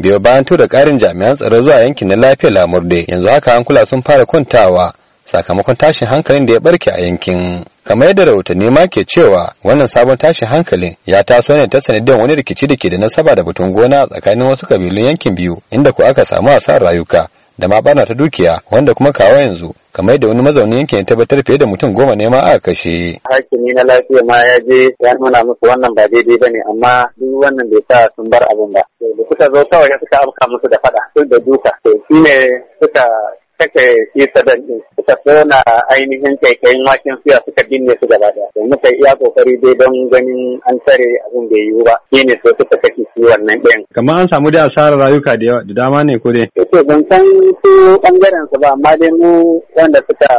biyo bayan tura ƙarin jami'an tsaro zuwa yankin na lafiya lamurde yanzu haka an kula sun fara kwantawa sakamakon tashin hankalin da ya barke a yankin kamar yadda rahotanni ma ke cewa wannan sabon tashin hankalin ya taso ne ta sanadiyar wani rikici da ke da nasaba da batun gona tsakanin wasu kabilun yankin biyu inda ku aka samu asarar rayuka da ma bana ta dukiya wanda kuma kawo yanzu kamar da wani mazauni yankin ya tabbatar fiye da mutum goma ne ma aka kashe. Hakimi na lafiya ma ya je ya nuna musu wannan ba daidai ba ne amma duk wannan bai sa sun bar abin ba. Da suka zo kawai suka afka musu da faɗa, duk da duka. To shi ne suka take shi sadan din suka tona ainihin kaikayin wakin suya suka binne su gaba daya da muka iya kokari dai don ganin an tare abin da yiwu ba shi ne so suka kashe su wannan ɗayan. kamar an samu da asarar rayuka da yawa da dama ne ko dai. ko ban san su bangaren su ba amma dai mu wanda suka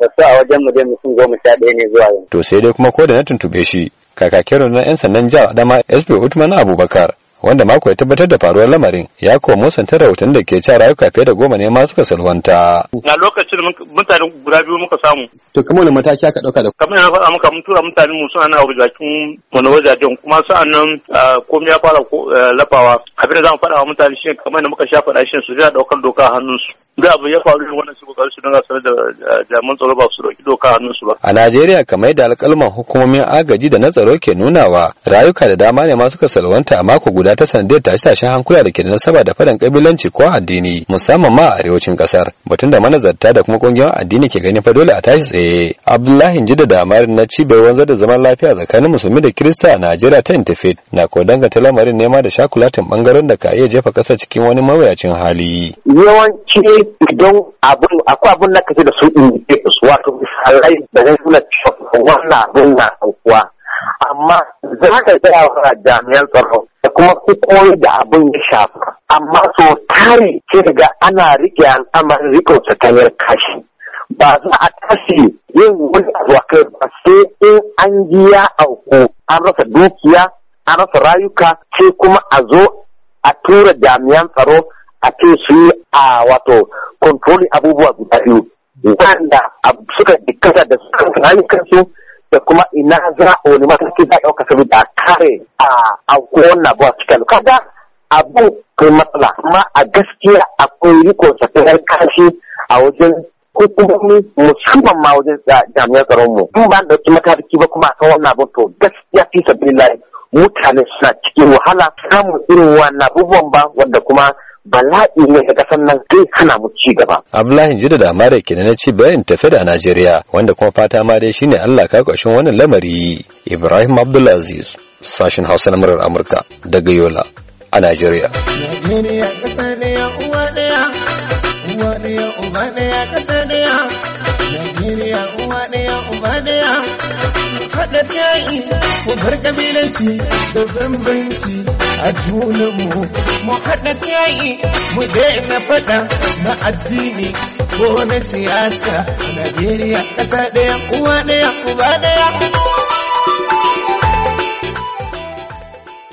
rasu a wajen mu dai mutum goma sha ɗaya ne zuwa yanzu. to sai dai kuma ko da na tuntube shi kakakin na 'yan sandan jihar adama sb utman abubakar wanda mako ya tabbatar da faruwar lamarin ya kuwa musanta rahoton da ke cewa rayuka fiye da goma ne ma suka salwanta. Na lokacin mutane guda biyu muka samu. To kamar wani mataki aka ɗauka da kamar yana faɗa muka mun tura mutane mu suna nan a wajakin wani wajajen kuma sa'an nan komai ya fara eh, lafawa abin da za mu faɗa wa mutane shi kamar da muka sha faɗa shi su zai ɗaukar doka a hannunsu. da abu ya faru wannan su kokarin su dinga sanar da jami'an tsaro ba su dauki doka hannun su ba a Najeriya kamar da alƙalman hukumomin agaji da na tsaro ke nunawa rayuka da dama ne ma suka salwanta a mako guda ta sanadiyar tashe-tashen hankula da ke da nasaba da fadan kabilanci ko addini musamman ma a arewacin kasar batun da manazarta da kuma kungiyoyin addini ke ganin fa dole a tashi tsaye Abdullahi Jida da Amarin na cibiyar wanzar da zaman lafiya tsakanin musulmi da Kirista a Najeriya ta Interfaith na ko danganta lamarin nema da shakulatin bangaren da ka iya jefa kasar cikin wani mawuyacin hali yawanci idan abin akwai abin na kace da su in wato misalai da zai nuna cewa wannan abin na aukuwa amma za ka gaya wa jami'an tsaro da kuma hukumomi da abin ya shafa amma so tare ce daga ana rike al'amarin rikon tsakanin kashi ba za a tashi yin wani abu a kai ba sai in an ji ya auku an rasa dukiya an rasa rayuka ce kuma a zo a tura jami'an tsaro a su yi a wato kontroli abubuwa guda biyu wanda suka dikkata da suka kansu kansu da kuma ina za a wani mataki za a ɗauka saboda da kare a wannan abuwa cikin kada abu kai matsala amma a gaskiya akwai ta tsakanin kashi a wajen hukumomi musamman ma wajen jami'an tsaron mu in ba da wasu mataki ba kuma akan wannan abin to gaskiya fi lai mutane suna cikin wahala samun irin wannan abubuwan ba wanda kuma bala'i ne ga kasan nan zai hana mu ci gaba. Abdullahi Jida da Amare kenan na ci bayan tafi da Najeriya wanda kuma fata ma dai shine Allah ka kwashin wannan lamari. Ibrahim Abdulaziz sashen Hausa na murar Amurka daga Yola a Najeriya. Najeriya ƙasa mu bar kabilanci da bambanci a junanmu mu haɗa yayi mu daina faɗa na addini ko na siyasa a Najeriya ƙasa ɗaya uwa ɗaya uba ɗaya.